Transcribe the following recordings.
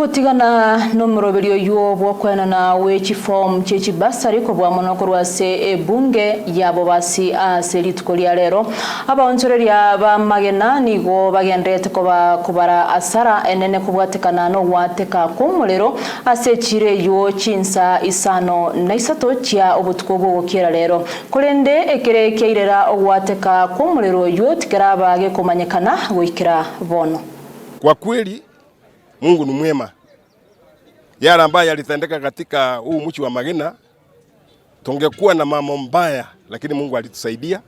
okutigana nomurobirio yobwo okwenana wekifo kyekibasari kobwamonoko rwase ebunge yabo basi ase rituko lia lero abaonchoreria bamagena nigo bagendete kobara asara enene kobwatekana nogwateka komorero ase chire yo chinsa isano na isato chia obotuko bwogokiera lero kore nde ekere kiairera ogwateka komorero yo tikera bage komanyekana goikera bono kwa kweli Mungu ni mwema. Yale ambayo yalitendeka katika huu mchi wa Magina, tungekuwa na mambo mbaya, lakini Mungu alitusaidia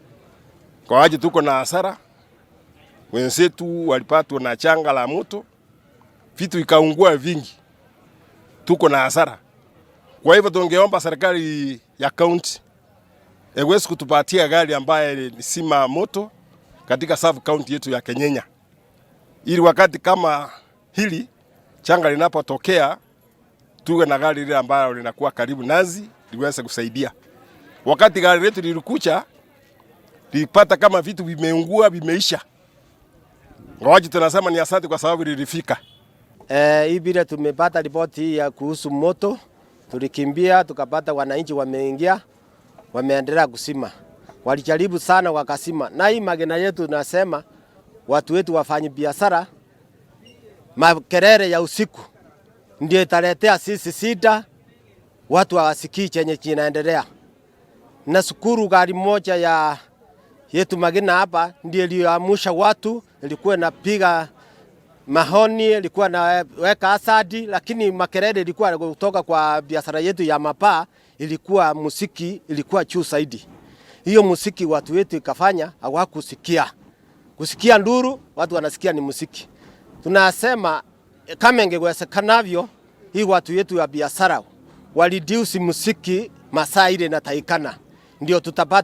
kwa waje, tuko na hasara. Wenzetu walipatwa na changa la moto, vitu ikaungua vingi, tuko na hasara. Kwa hivyo tungeomba serikali ya kaunti ewezi kutupatia gari ambaye sima moto katika sub kaunti yetu ya Kenyenya, ili wakati kama hili changa linapotokea tuwe na gari lile ambalo linakuwa karibu nazi liweze kusaidia. Wakati gari letu lilikucha lipata kama vitu vimeungua vimeisha, ngawaji tunasema ni asante kwa sababu lilifika. Eh, hii bila tumepata ripoti ya kuhusu moto, tulikimbia tukapata wananchi wameingia, wameendelea kusima, walijaribu sana wakasima, na hii magena yetu tunasema watu wetu wafanye biashara makerere ya usiku ndio italetea sisi sida, watu hawasikii chenye kinaendelea. Na shukuru gari moja ya yetu Magina hapa ndio iliyoamsha watu, ilikuwa inapiga mahoni, ilikuwa naweka asadi, lakini makerere ilikuwa kutoka kwa biashara yetu ya mapaa, ilikuwa musiki ilikuwa juu zaidi. Hiyo musiki watu wetu ikafanya hawakusikia kusikia nduru, watu wanasikia ni musiki tunasema eh, kama ingewezekanavyo hii watu yetu ya biashara wa reduce musiki masaa ile na taikana ndio tutapata